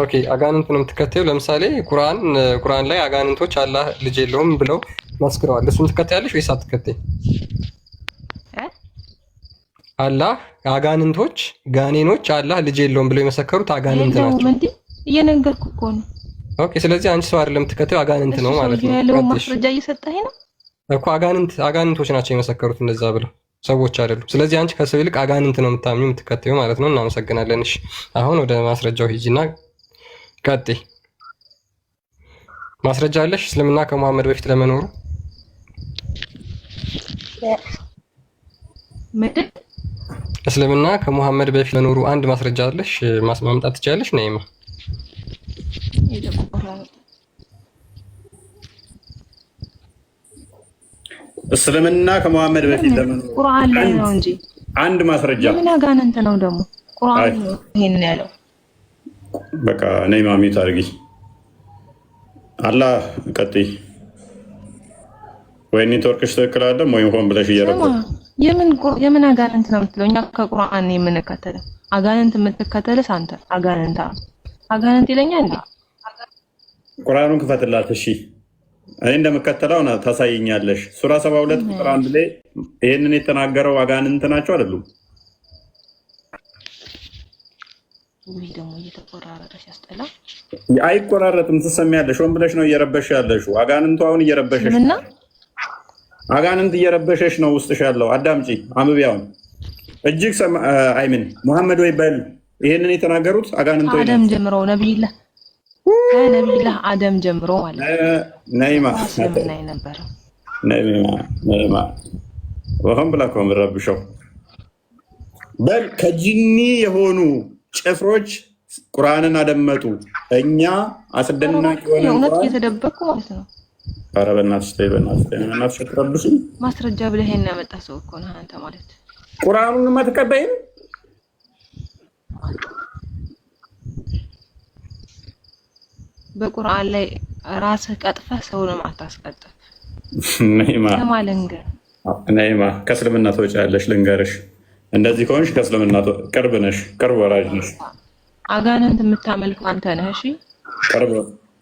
ኦኬ አጋንንት ነው የምትከተዩ። ለምሳሌ ቁርአን ቁርአን ላይ አጋንንቶች አላህ ልጅ የለውም ብለው መስክረዋል። እሱን ትከተያለሽ ወይስ አትከተይ? አላህ አጋንንቶች ጋኔኖች አላህ ልጅ የለውም ብለው የመሰከሩት አጋንንት ናቸው። እየነገርኩ እኮ ነው። ኦኬ ስለዚህ አንቺ ሰው አይደለም የምትከተዩ አጋንንት ነው ማለት ነው። ያለው ማስረጃ እየሰጠህ ነው እኮ አጋንንት አጋንንቶች ናቸው የመሰከሩት እንደዛ ብለው ሰዎች አይደሉም። ስለዚህ አንቺ ከሰው ይልቅ አጋንንት ነው የምታምኙ የምትከተዩ ማለት ነው። እናመሰግናለን። እሺ አሁን ወደ ማስረጃው ሂጂና ቀጥ ማስረጃ አለሽ እስልምና ከመሐመድ በፊት ለመኖሩ? እስልምና ከመሐመድ በፊት ለመኖሩ አንድ ማስረጃ አለሽ? ማስማምጣት ትችላለሽ? ነይማ እስልምና ከመሐመድ በፊት ለመኖሩ ቁርአን ላይ ነው እንጂ አንድ ማስረጃ ምን አጋንንት ነው ደግሞ ቁርአን ይሄን ያለው በቃ ነይ ማሚ ታርጊ አላ ቀጥይ። ወይ ኔትወርክሽ ትክክል አይደለም ወይም ሆን ብለሽ እየረኩ የምን አጋንንት ነው የምትለው? እኛ ከቁርአን የምንከተለው አጋንንት የምትከተልስ አንተ አጋንንታ አጋንንት ይለኛል። ቁርአኑን ክፈትላት። እሺ እኔ እንደምከተለው ታሳይኛለሽ። ሱራ 72 ቁጥር አንድ ላይ ይህንን የተናገረው አጋንንት ናቸው አይደሉም? ይሄ ደግሞ እየተቆራረጠ ሲያስጠላ። አይቆራረጥም። ትሰሚያለሽ? ሆን ብለሽ ነው እየረበሽ ያለሽ። አጋንንቱ አሁን እየረበሸሽ እና አጋንንት እየረበሸሽ ነው ውስጥሽ ያለው። አዳምጪ፣ አንብቢያውን እጅግ አይምን መሐመድ ወይ በል ይህንን የተናገሩት አጋንንቶ አደም ጀምሮ ነቢላ ነቢላ አደም ጀምሮ ማለት ነይማ ነበረ ነይማ ወሆን ብላ ከሆን ረብሸው በል ከጂኒ የሆኑ ጭፍሮች ቁርአንን አደመጡ። እኛ አስደናቂ የሆነ እውነት እየተደበቁ ማለት ነው። ኧረ በእናትሽ ተይ፣ በእናትሽ ተይ፣ ማስረጃ ብለህ ያመጣ ሰው እኮ ነህ አንተ ማለት ቁርአኑን ተቀበይም በቁርአን ላይ ራስህ ቀጥፈህ ማታስቀጥፍ አታስቀጥፍ። ነይማ ከእስልምና ተወጪ ያለሽ ልንገርሽ እንደዚህ ከሆንሽ ከእስልምና ቅርብ ነሽ፣ ቅርብ ወራጅ ነሽ። አጋንንት የምታመልከው አንተ ነህ። እሺ፣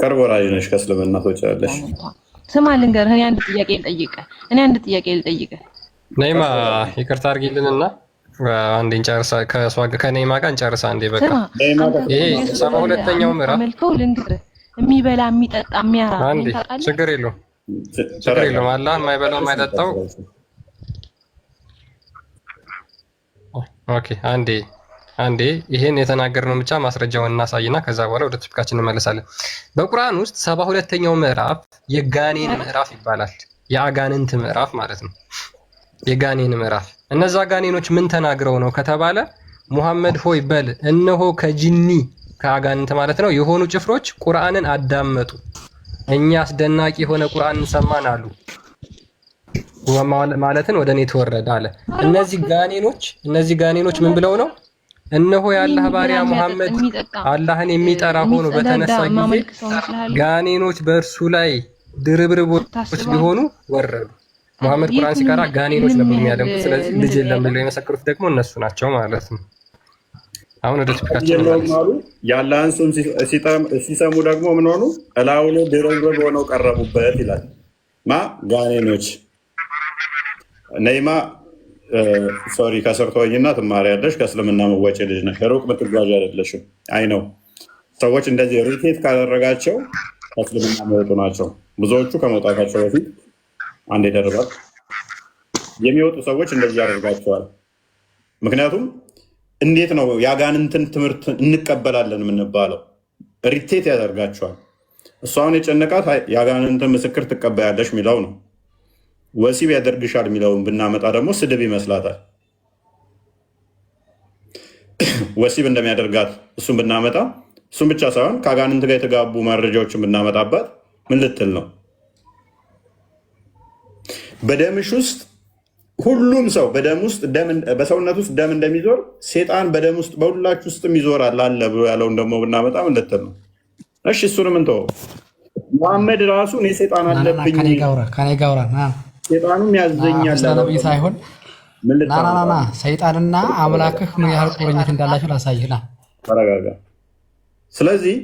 ቅርብ ወራጅ ነሽ፣ ከእስልምና ትወጫለሽ። ስማ ልንገርህ፣ እኔ አንድ ጥያቄ ልጠይቅህ። እኔ አንድ ጥያቄ ልጠይቅህ። ነይማ ይቅርታ አድርጊልንና አንዴ እንጨርሳ፣ ከነይማ ጋር እንጨርሳ። አንዴ በቃ ይሄ ሰባ ሁለተኛው ምዕራፍ መልከው ልንገርህ፣ የሚበላ የሚጠጣ የሚያራ ችግር የለውም፣ ችግር የለውም። አላህ የማይበላው የማይጠጣው ኦኬ አንዴ አንዴ ይሄን የተናገርነው ብቻ ማስረጃውን እናሳይና ከዛ በኋላ ወደ ቶፒካችን እንመለሳለን። በቁርአን ውስጥ ሰባ ሁለተኛው ምዕራፍ የጋኔን ምዕራፍ ይባላል። የአጋንንት ምዕራፍ ማለት ነው። የጋኔን ምዕራፍ እነዛ ጋኔኖች ምን ተናግረው ነው ከተባለ ሙሐመድ ሆይ በል እነሆ ከጅኒ ከአጋንንት ማለት ነው የሆኑ ጭፍሮች ቁርአንን አዳመጡ፣ እኛ አስደናቂ የሆነ ቁርአንን ሰማን አሉ። ማለትን ወደ እኔ ተወረደ አለ። እነዚህ ጋኔኖች እነዚህ ጋኔኖች ምን ብለው ነው? እነሆ የአላህ ባሪያ ሙሐመድ አላህን የሚጠራ ሆኖ በተነሳ ጊዜ ጋኔኖች በእርሱ ላይ ድርብርቦች ቢሆኑ ወረዱ። ሙሐመድ ቁርአን ሲቀራ ጋኔኖች ነው የሚያደምቁ። ስለዚህ ልጅ የለም ብለው የመሰከሩት ደግሞ እነሱ ናቸው ማለት ነው። አሁን ወደ ቶፒካችን የአላህን ስም ሲሰሙ ደግሞ ምን ሆኑ? እላውሎ ድርብርብ ሆነው ቀረቡበት ይላል ማ ጋኔኖች ነይማ ሶሪ ከስርቶኝና ትማሪያለሽ ከእስልምና መወጭ ልጅ ነሽ ሩቅ ምትጓዥ አይደለሽም። አይ ነው ሰዎች እንደዚህ ሪቴት ካደረጋቸው ከእስልምና የሚወጡ ናቸው። ብዙዎቹ ከመውጣታቸው በፊት አንድ ይደርባል የሚወጡ ሰዎች እንደዚህ ያደርጋቸዋል። ምክንያቱም እንዴት ነው የአጋንንትን ትምህርት እንቀበላለን የምንባለው? ሪቴት ያደርጋቸዋል። እሷን የጨነቃት የአጋንንትን ምስክር ትቀበያለሽ የሚለው ነው። ወሲብ ያደርግሻል የሚለውን ብናመጣ ደግሞ ስድብ ይመስላታል። ወሲብ እንደሚያደርጋት እሱን ብናመጣ እሱም ብቻ ሳይሆን ከአጋንንት ጋር የተጋቡ መረጃዎችን ብናመጣባት ምን ልትል ነው? በደምሽ ውስጥ ሁሉም ሰው በደም ውስጥ በሰውነት ውስጥ ደም እንደሚዞር ሴጣን በደም ውስጥ በሁላች ውስጥም ይዞራል አለ ብሎ ያለውን ደግሞ ብናመጣ ምን ልትል ነው? እሺ እሱንም እንተወው። መሐመድ ራሱ እኔ ሴጣን አለብኝ ከኔ ጋውራ ሰይጣኑም ያዘኛል ሳይሆን ናናናና ሰይጣንና አምላክህ ምን ያህል ቁርኝት እንዳላቸው ላሳይህ ተረጋጋ ስለዚህ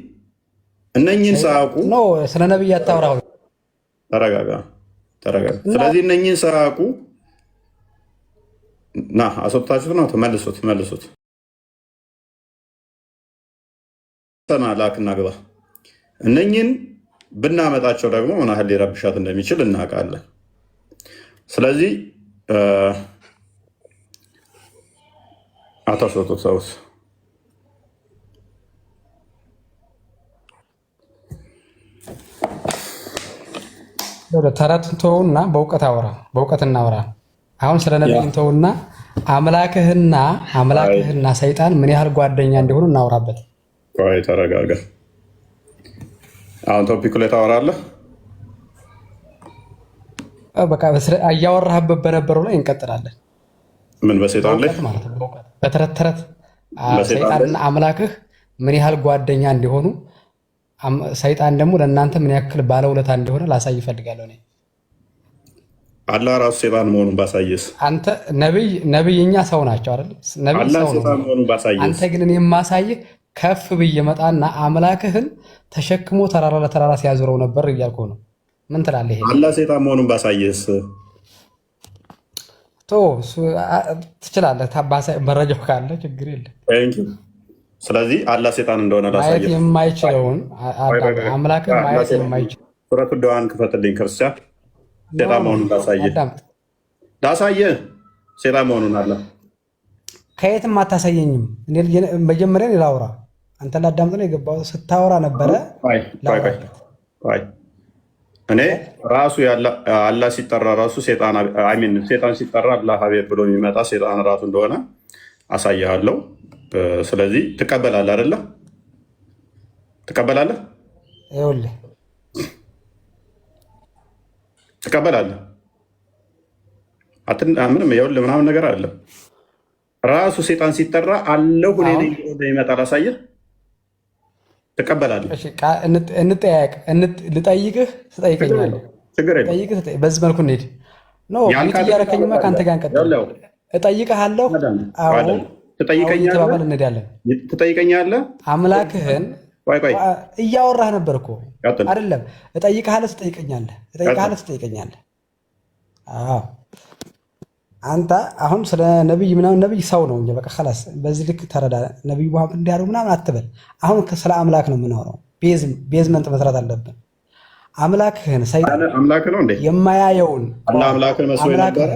እነኝን ሳያውቁ ስለ ነቢይ ያታውራሁ። ተረጋጋ ተረጋጋ ስለዚህ እነኝን ሳያውቁ ና አስወጥታችሁት ነው ተመልሱት መልሱት ሰና ላክና ግባ እነኝን ብናመጣቸው ደግሞ ምን ያህል ሊረብሻት እንደሚችል እናውቃለን ስለዚህ አታስወጡት ሰውስ ተረት እንተውና በእውቀት አውራ በእውቀት እናውራ። አሁን ስለ ነቢይ እንተውና አምላክህና አምላክህና ሰይጣን ምን ያህል ጓደኛ እንደሆኑ እናውራበት። ተረጋጋ። አሁን ቶፒኩ ላይ ታወራለህ። በቃ እያወራህበት በነበረው ላይ እንቀጥላለን። ምን በሴጣን ላይ በተረት ተረት ሰይጣንና አምላክህ ምን ያህል ጓደኛ እንዲሆኑ ሰይጣን ደግሞ ለእናንተ ምን ያክል ባለውለታ እንደሆነ ላሳይ እፈልጋለሁ። አላህ ራሱ ሴጣን መሆኑን ባሳየስ? አንተ ነብይ ነብይ እኛ ሰው ናቸው አይደል? ነብይ ሰው ነው። አንተ ግን እኔ የማሳይህ ከፍ ብዬ መጣና አምላክህን ተሸክሞ ተራራ ለተራራ ሲያዞረው ነበር እያልኩ ነው። ምን ትላለህ? አላህ ሴጣን መሆኑን ባሳየስ? ትችላለህ። መረጃው ካለ ችግር የለም። ስለዚህ አላህ ሴጣን እንደሆነ ማየት የማይችለውን አምላክ ማየት የማይችል ሱረቱ ደዋን ክፈትልኝ። ክርስቲያን ሴጣን መሆኑን ላሳየ ላሳየ ሴጣን መሆኑን አለ ከየትም አታሳየኝም። መጀመሪያ ላውራ አንተ ላዳምጥ ነው የገባው። ስታወራ ነበረ እኔ ራሱ አላህ ሲጠራ ራሱ ሴጣን ሲጠራ አላህ ሀቤ ብሎ የሚመጣ ሴጣን ራሱ እንደሆነ አሳያለው። ስለዚህ ትቀበላለህ አይደለ? ትቀበላለህ ትቀበላለህ። ምንም የውል ምናምን ነገር አለ። ራሱ ሴጣን ሲጠራ አለሁ እኔ የሚመጣ አላሳየህ ትቀበላለህ? እንጠያየቅ። ልጠይቅህ ትጠይቀኛለህ። በዚህ መልኩ እንሂድ። እያደረከኝማ ከአንተ ጋር እንቀጥል። እጠይቅሃለሁ። ተባብለን እንሄዳለን። ትጠይቀኛለህ። አምላክህን እያወራህ ነበር እኮ አይደለም? እጠይቅሃለሁ፣ ትጠይቀኛለህ። እጠይቅሃለሁ፣ ትጠይቀኛለህ አንተ አሁን ስለ ነቢይ ምናምን ነቢይ ሰው ነው እ በቃ ላስ በዚህ ልክ ተረዳ። ነቢዩ መሐመድ እንዲያሉ ምናምን አትበል። አሁን ስለ አምላክ ነው የምናወራው። ቤዝመንት መስራት አለብን። አምላክህን አምላክ ነው እንዴ የማያየውን አምላክን መስሎ ነበረ።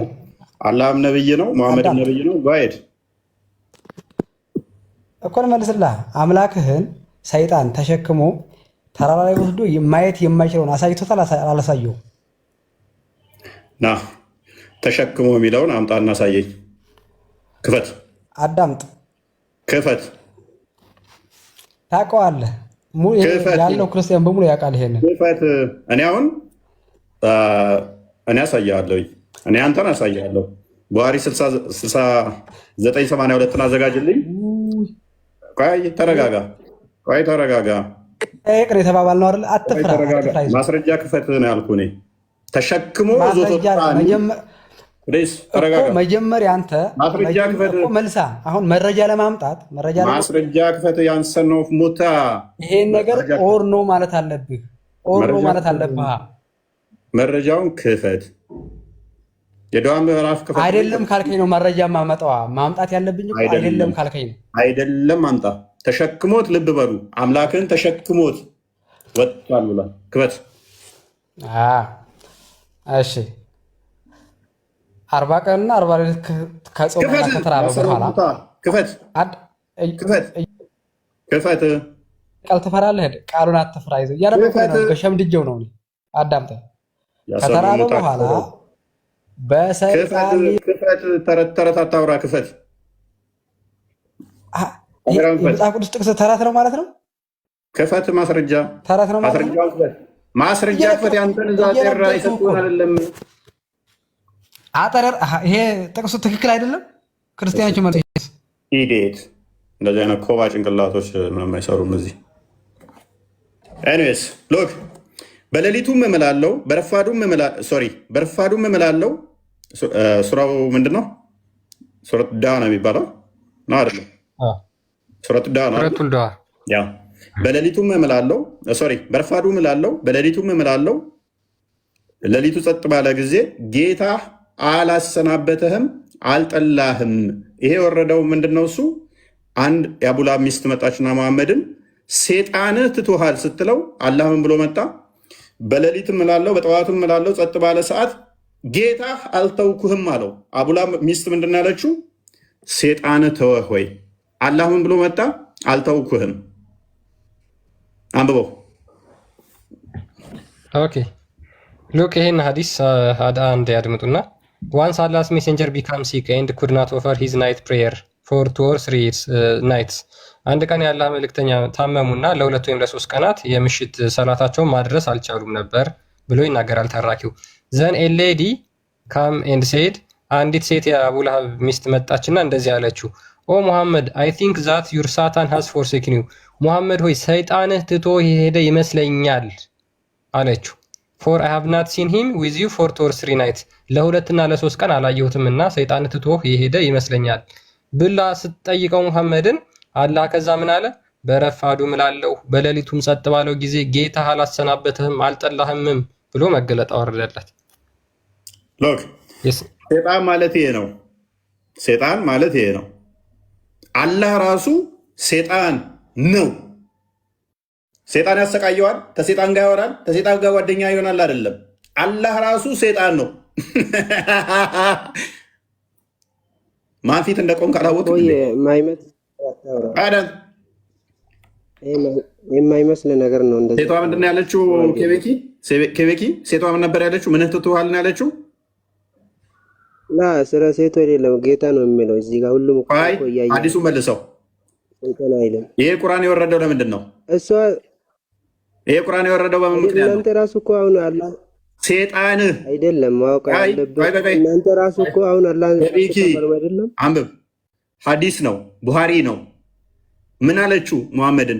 አላህም ነቢይ ነው፣ መሐመድም ነቢይ ነው። ጓሄድ እኮ ልመልስልህ። አምላክህን ሰይጣን ተሸክሞ ተራራ ላይ ወስዶ ማየት የማይችለውን አሳይቶታል። አላሳየው ና ተሸክሞ የሚለውን አምጣ እናሳየኝ። ክፈት፣ አዳምጥ፣ ክፈት። ታውቀዋለህ ያለው ክርስቲያን በሙሉ ያውቃል። ይሄንን ክፈት። እኔ አሁን እኔ አሳያለሁ። እኔ አንተን አሳያለሁ። ባህሪ 6982ን አዘጋጅልኝ። ቆይ ተረጋጋ፣ ቆይ ተረጋጋ። ቅር የተባባል ነው አይደል? አትፍራ። ማስረጃ ክፈት ነው ያልኩህ። ተሸክሞ ዞቶ መጀመሪያ አንተ መልሳ አሁን መረጃ ለማምጣት ማስረጃ ክፈት። ያንሰን ሙታ ይሄን ነገር ኦር ኖ ማለት አለብህ፣ ኦር ኖ ማለት አለብህ። መረጃውን ክፈት። የደዋን ምዕራፍ ክፈት። አይደለም ካልከኝ ነው መረጃ ማመጣዋ ማምጣት ያለብኝ አይደለም ካልከኝ ነው። አይደለም አምጣ። ተሸክሞት ልብ በሉ አምላክን ተሸክሞት ወጥቷል ብሏል። ክፈት። እሺ አርባ ቀንና አርባ ሌሊት ከጾምና ከተራበ በኋላ ክፈት ቃል ትፈራለህ። ሄድ ቃሉን አትፍራ ይዘው እያደረገ ነው። በሸምድጀው ነው አዳምተ ከተራበ በኋላ በሰይጣን ተረት አታውራ። ክፈት መጽሐፍ ቅዱስ ጥቅስ ተረት ነው ማለት ነው። ክፈት ማስረጃ ተረት ነው ማለት ነው። ማስረጃ ክፈት። ያንተን ዛጤራ ይሰጡን አይደለም አጠረር ይሄ ጥቅሱ ትክክል አይደለም። ክርስቲያኖች መርስ ኢዴት እንደዚህ አይነት ኮባ ጭንቅላቶች ምንም አይሰሩም። እዚህ ኤኒዌይስ ሎክ በሌሊቱም እምላለው በረፋዱም ሶሪ በረፋዱም እምላለው። ሱራው ምንድን ነው? ሱረት ዳ ነው የሚባለው ነው አይደለም? ሱረት ዳ ነው። በሌሊቱም እምላለው ሶሪ በረፋዱ እምላለው፣ በሌሊቱም እምላለው። ሌሊቱ ጸጥ ባለ ጊዜ ጌታ አላሰናበተህም፣ አልጠላህም። ይሄ የወረደው ነው እሱ አንድ የአቡላ ሚስት መጣችና መሐመድን ሴጣንህ ትቶሃል ስትለው አላህም ብሎ መጣ? በሌሊትም እላለሁ በጠዋትም እላለሁ ጸጥ ባለ ሰዓት ጌታህ አልተውኩህም አለው። አቡላ ሚስት ምንድን ያለችው? ሴጣንህ ተወህ ወይ? አላህም ብሎ መጣ? አልተውኩህም። አንብበው። ኦኬ ሎክ ይሄን ሀዲስ አንድ ያድምጡና ዋንስ አላስ ሜሴንጀር ቢካም ሲክ ኤንድ ኩድ ናት ኦፈር ሂዝ ናይት ፕሬየር ፎር ቱ ኦር ስሪ ናይትስ አንድ ቀን ያለ መልእክተኛ ታመሙና ለሁለት ወይም ለሶስት ቀናት የምሽት ሰላታቸውን ማድረስ አልቻሉም ነበር ብሎ ይናገራል ተራኪው። ዘን ኤ ሌዲ ካም ኤንድ ሴድ አንዲት ሴት የአቡላሃብ ሚስት መጣችና እንደዚህ አለችው፣ ኦ ሙሐመድ አይ ቲንክ ዛት ዩር ሳታን ሃዝ ፎርሴክን ዩ ሙሐመድ ሆይ ሰይጣንህ ትቶ የሄደ ይመስለኛል አለችው። ፎር አይ ሃቭ ናት ሲን ሂም ዊዝ ዩ ፎር ቶር ስሪ ናይት ለሁለትና ለሶስት ቀን አላየሁትም እና ሰይጣን ትቶህ የሄደ ይመስለኛል ብላ ስትጠይቀው ሙሐመድን አላህ ከዛ ምን አለ? በረፋዱ ምላለሁ በሌሊቱም ጸጥ ባለው ጊዜ ጌታ አላሰናበትህም አልጠላህምም ብሎ መገለጥ አወረደለት። ሎክ ሴጣን ማለት ይሄ ነው። ሴጣን ማለት ይሄ ነው። አላህ ራሱ ሴጣን ነው። ሴጣን ያሰቃየዋል፣ ተሴጣን ጋር ይሆናል፣ ተሴጣን ጋር ጓደኛ ይሆናል። አይደለም አላህ ራሱ ሴጣን ነው። ማን ፊት እንደቆም ካላወቅ የማይመስል ነገር ነው። ሴቷ ምንድን ያለችው? ኬቤኪ ሴቷ ምን ነበር ያለችው? ምን ትትሃል ያለችው? ስለ ሴቶ የሌለው ጌታ ነው የሚለው እዚህ ጋር ሁሉም አዲሱ መልሰው ይሄ ቁርአን የወረደው ለምንድን ነው? ይሄ ቁርአን የወረደው በምን ምክንያት ነው? እናንተ ራሱ እኮ አሁን አላ ሴጣን አይደለም ማወቅ ያለበት እናንተ ራሱ እኮ አሁን አላ አይደለም አንብብ። ሐዲስ ነው ቡሃሪ ነው። ምን አለችው ሙሐመድን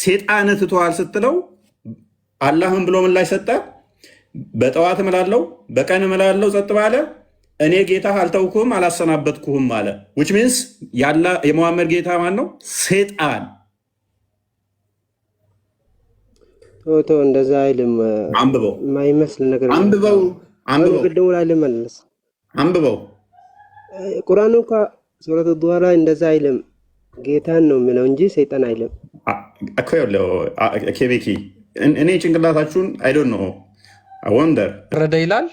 ሴጣን ትተዋል ስትለው አላህም ብሎ ምላሽ ሰጠ። በጠዋት እምላለሁ በቀን እምላለሁ ጸጥ ባለ እኔ ጌታ አልተውኩም አላሰናበትኩህም አለ። ዊች ሚንስ የሙሐመድ ጌታ ማን ነው? ሴጣን ቶቶ እንደዛ አይልም። አንብበው የማይመስል ነገር አንብበው አንብበው ቅድሙ ላይ ልመለስ አንብበው ቁርአኑ እንኳ ሱረት ዱሃ ላይ እንደዛ አይልም። ጌታን ነው የሚለው እንጂ ሰይጣን አይልም እኮ። ያለው ኬቤኪ እኔ ጭንቅላታችሁን አይዶን ነው ወንደር ረደ ይላል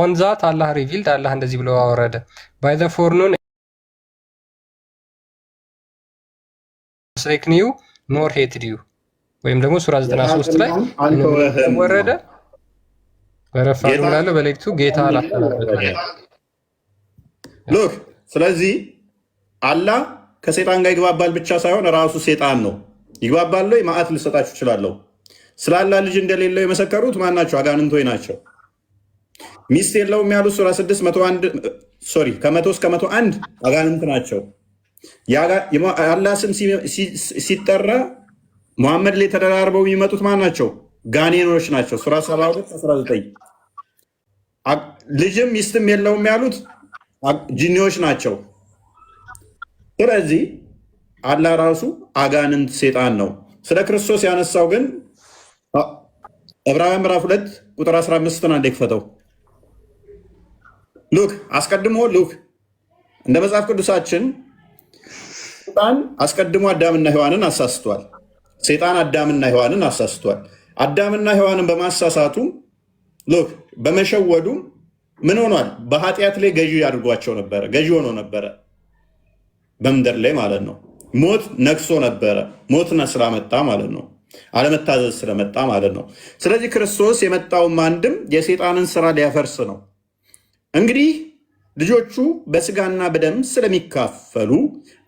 ኦን ዛት አላህ ሪቪልድ አላህ እንደዚህ ብሎ አወረደ ባይ ዘ ፎርኑን ሴክኒው ኖር ሄትድ ዩ ወይም ደግሞ ሱራ 93 ላይ ወረደ በረፋዱ ላለ በሌክቱ ጌታ ላክ። ስለዚህ አላህ ከሴጣን ጋር ይግባባል ብቻ ሳይሆን ራሱ ሴጣን ነው። ይግባባል። ማአት ልሰጣችሁ እችላለሁ። ስለ አላህ ልጅ እንደሌለው የመሰከሩት ማናቸው? አጋንንቶይ ናቸው። ሚስት የለውም ያሉት ሱራ 6 ሶሪ ከመቶ እስከ መቶ አንድ አጋንንት ናቸው። የአላህ ስም ሲጠራ ሙሐመድ ላይ ተደራርበው የሚመጡት ማን ናቸው? ጋኔኖች ናቸው። ሱራ 72 19 ልጅም ሚስትም የለውም ያሉት ጂኒዎች ናቸው። ስለዚህ አላህ ራሱ አጋንንት ሴጣን ነው። ስለ ክርስቶስ ያነሳው ግን ዕብራውያን ምዕራፍ 2 ቁጥር 15ን አንዴ ሉክ አስቀድሞ ሉክ እንደ መጽሐፍ ቅዱሳችን ሴጣን አስቀድሞ አዳምና ሔዋንን አሳስቷል። ሴጣን አዳምና ሔዋንን አሳስቷል። አዳምና ሔዋንን በማሳሳቱ ሎክ በመሸወዱም ምን ሆኗል? በኃጢአት ላይ ገዢ አድርጓቸው ነበረ። ገዢ ሆኖ ነበረ በምድር ላይ ማለት ነው። ሞት ነግሶ ነበረ። ሞት ስላመጣ ማለት ነው። አለመታዘዝ ስለመጣ ማለት ነው። ስለዚህ ክርስቶስ የመጣውም አንድም የሴጣንን ስራ ሊያፈርስ ነው እንግዲህ ልጆቹ በስጋና በደም ስለሚካፈሉ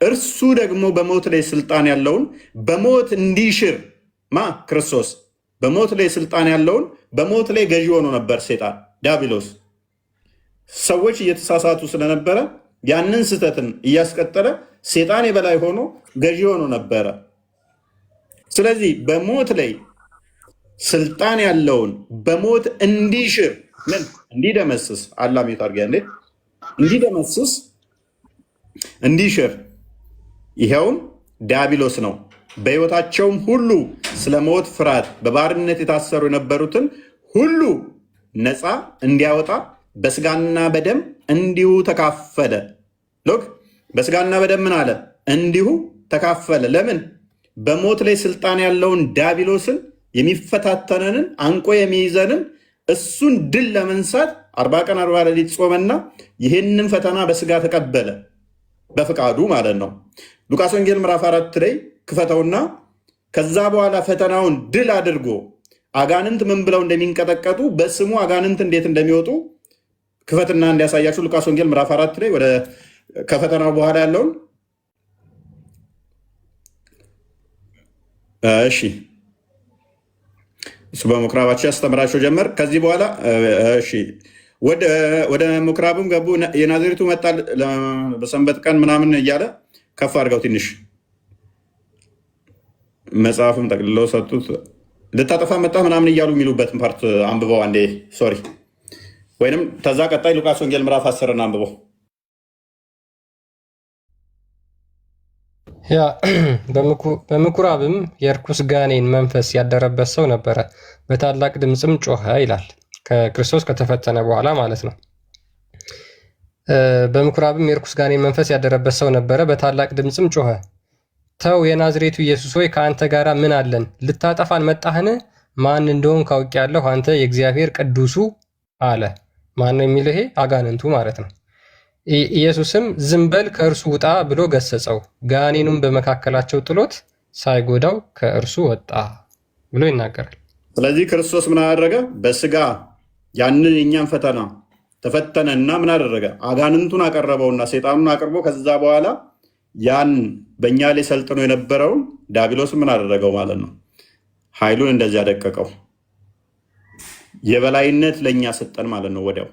እርሱ ደግሞ በሞት ላይ ስልጣን ያለውን በሞት እንዲሽር ማ ክርስቶስ በሞት ላይ ስልጣን ያለውን በሞት ላይ ገዢ ሆኖ ነበር። ሴጣን ዲያብሎስ ሰዎች እየተሳሳቱ ስለነበረ ያንን ስህተትን እያስቀጠለ ሴጣን የበላይ ሆኖ ገዢ ሆኖ ነበረ። ስለዚህ በሞት ላይ ስልጣን ያለውን በሞት እንዲሽር ምን እንዲደመስስ አላሚ ታርጊያ እንዲደመስስ እንዲሽር ይኸውም ዲያብሎስ ነው። በሕይወታቸውም ሁሉ ስለ ሞት ፍርሃት በባርነት የታሰሩ የነበሩትን ሁሉ ነፃ እንዲያወጣ በስጋና በደም እንዲሁ ተካፈለ። ሎክ በስጋና በደም ምን አለ? እንዲሁ ተካፈለ። ለምን? በሞት ላይ ስልጣን ያለውን ዲያብሎስን የሚፈታተነንን አንቆ የሚይዘንን እሱን ድል ለመንሳት አርባ ቀን አርባ ሌሊት ጾመና ይህንን ፈተና በስጋ ተቀበለ በፍቃዱ ማለት ነው። ሉቃስ ወንጌል ምዕራፍ አራት ላይ ክፈተውና ከዛ በኋላ ፈተናውን ድል አድርጎ አጋንንት ምን ብለው እንደሚንቀጠቀጡ በስሙ አጋንንት እንዴት እንደሚወጡ ክፈትና እንዲያሳያችሁ ሉቃስ ወንጌል ምዕራፍ አራት ላይ ወደ ከፈተናው በኋላ ያለውን እሺ እሱ በምኩራባቸው ያስተምራቸው ጀመር። ከዚህ በኋላ እሺ ወደ ምኩራብም ገቡ። የናዝሬቱ መጣ በሰንበት ቀን ምናምን እያለ ከፍ አድርገው ትንሽ መጽሐፍም ጠቅልለው ሰጡት። ልታጠፋ መጣ ምናምን እያሉ የሚሉበትን ፓርት አንብበው አንዴ ሶሪ። ወይንም ተዛ ቀጣይ ሉቃስ ወንጌል ምዕራፍ አስርን አንብበው። ያ በምኩራብም የርኩስ ጋኔን መንፈስ ያደረበት ሰው ነበረ፣ በታላቅ ድምፅም ጮኸ ይላል። ከክርስቶስ ከተፈተነ በኋላ ማለት ነው። በምኩራብም የርኩስ ጋኔን መንፈስ ያደረበት ሰው ነበረ። በታላቅ ድምፅም ጮኸ፣ ተው የናዝሬቱ ኢየሱስ ሆይ ከአንተ ጋር ምን አለን? ልታጠፋን መጣህን? ማን እንደሆን ካውቅ ያለሁ አንተ የእግዚአብሔር ቅዱሱ አለ። ማን ነው የሚለው? ይሄ አጋንንቱ ማለት ነው። ኢየሱስም ዝም በል ከእርሱ ውጣ ብሎ ገሰጸው። ጋኔኑም በመካከላቸው ጥሎት ሳይጎዳው ከእርሱ ወጣ ብሎ ይናገራል። ስለዚህ ክርስቶስ ምን አደረገ? በስጋ ያንን የእኛን ፈተና ተፈተነና ምን አደረገ? አጋንንቱን አቀረበውና ሴጣኑን አቅርቦ ከዛ በኋላ ያን በእኛ ላይ ሰልጥኖ የነበረውን ዳቢሎስ ምን አደረገው ማለት ነው? ኃይሉን እንደዚህ ያደቀቀው የበላይነት ለእኛ ሰጠን ማለት ነው። ወዲያው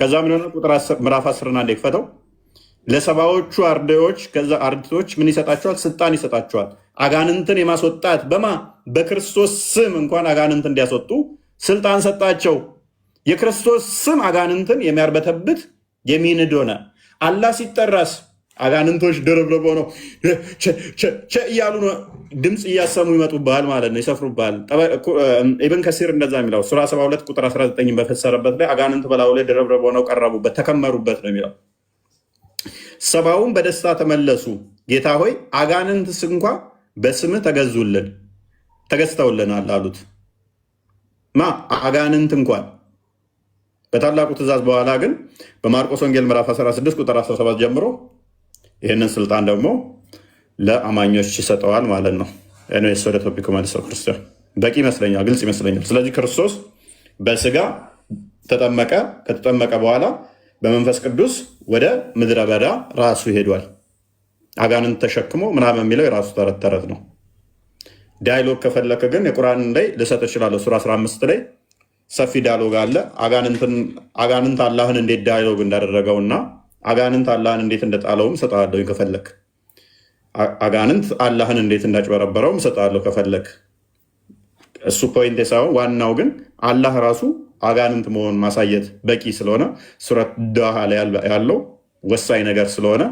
ከዛ ምን ሆነ? ቁጥር ምዕራፍ አስርና እንደክፈተው ለሰባዎቹ አርድእቶች ከዛ አርድእቶች ምን ይሰጣቸዋል? ስልጣን ይሰጣቸዋል። አጋንንትን የማስወጣት በማ በክርስቶስ ስም እንኳን አጋንንት እንዲያስወጡ ስልጣን ሰጣቸው። የክርስቶስ ስም አጋንንትን የሚያርበተብት የሚንድ ሆነ። አላህ ሲጠራስ አጋንንቶች ድርብርብ ሆነው እያሉ ድምፅ እያሰሙ ይመጡብሃል ማለት ነው፣ ይሰፍሩብሃል። ኢብን ከሲር እንደዛ የሚለው ሱራ 72 ቁጥር 19 በፈሰረበት ላይ አጋንንት በላዩ ላይ ድርብርብ ሆነው ቀረቡበት፣ ተከመሩበት ነው የሚለው። ሰባውን በደስታ ተመለሱ። ጌታ ሆይ አጋንንትስ እንኳ በስምህ ተገዙልን ተገዝተውልናል አሉት። ማ አጋንንት እንኳን ከታላቁ ትእዛዝ በኋላ ግን በማርቆስ ወንጌል ምዕራፍ 16 ቁጥር 17 ጀምሮ ይህንን ስልጣን ደግሞ ለአማኞች ይሰጠዋል ማለት ነው። ኔስ ወደ ቶፒኩ መልሰው ክርስቲያን በቂ ይመስለኛል፣ ግልጽ ይመስለኛል። ስለዚህ ክርስቶስ በስጋ ተጠመቀ። ከተጠመቀ በኋላ በመንፈስ ቅዱስ ወደ ምድረ በዳ ራሱ ይሄዷል። አጋንን ተሸክሞ ምናምን የሚለው የራሱ ተረት ተረት ነው። ዳይሎግ ከፈለከ ግን የቁርአን ላይ ልሰጥ እችላለሁ ሱራ 15 ላይ ሰፊ ዳያሎግ አለ። አጋንንት አላህን እንዴት ዳያሎግ እንዳደረገው እና አጋንንት አላህን እንዴት እንደጣለውም እሰጥሃለሁ ከፈለክ፣ አጋንንት አላህን እንዴት እንዳጭበረበረውም እሰጥሃለሁ ከፈለክ። እሱ ፖይንት ሳይሆን ዋናው ግን አላህ ራሱ አጋንንት መሆን ማሳየት በቂ ስለሆነ ሱረት ዳሃ ላይ ያለው ወሳኝ ነገር ስለሆነ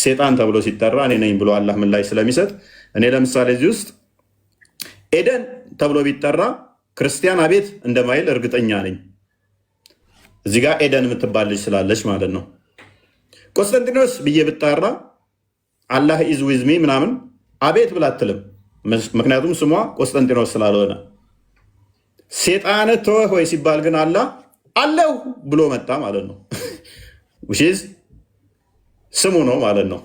ሴጣን ተብሎ ሲጠራ እኔ ነኝ ብሎ አላህ ምላሽ ስለሚሰጥ እኔ ለምሳሌ እዚህ ውስጥ ኤደን ተብሎ ቢጠራ ክርስቲያን አቤት እንደማይል እርግጠኛ ነኝ። እዚህ ጋር ኤደን የምትባል ልጅ ስላለች ማለት ነው። ቆስጠንጢኖስ ብዬ ብጣራ አላህ ኢዝ ዊዝሚ ምናምን አቤት ብላ አትልም። ምክንያቱም ስሟ ቆስጠንጢኖስ ስላልሆነ። ሴጣነ ተወህ ወይ ሲባል ግን አላህ አለሁ ብሎ መጣ ማለት ነው። ስሙ ነው ማለት ነው።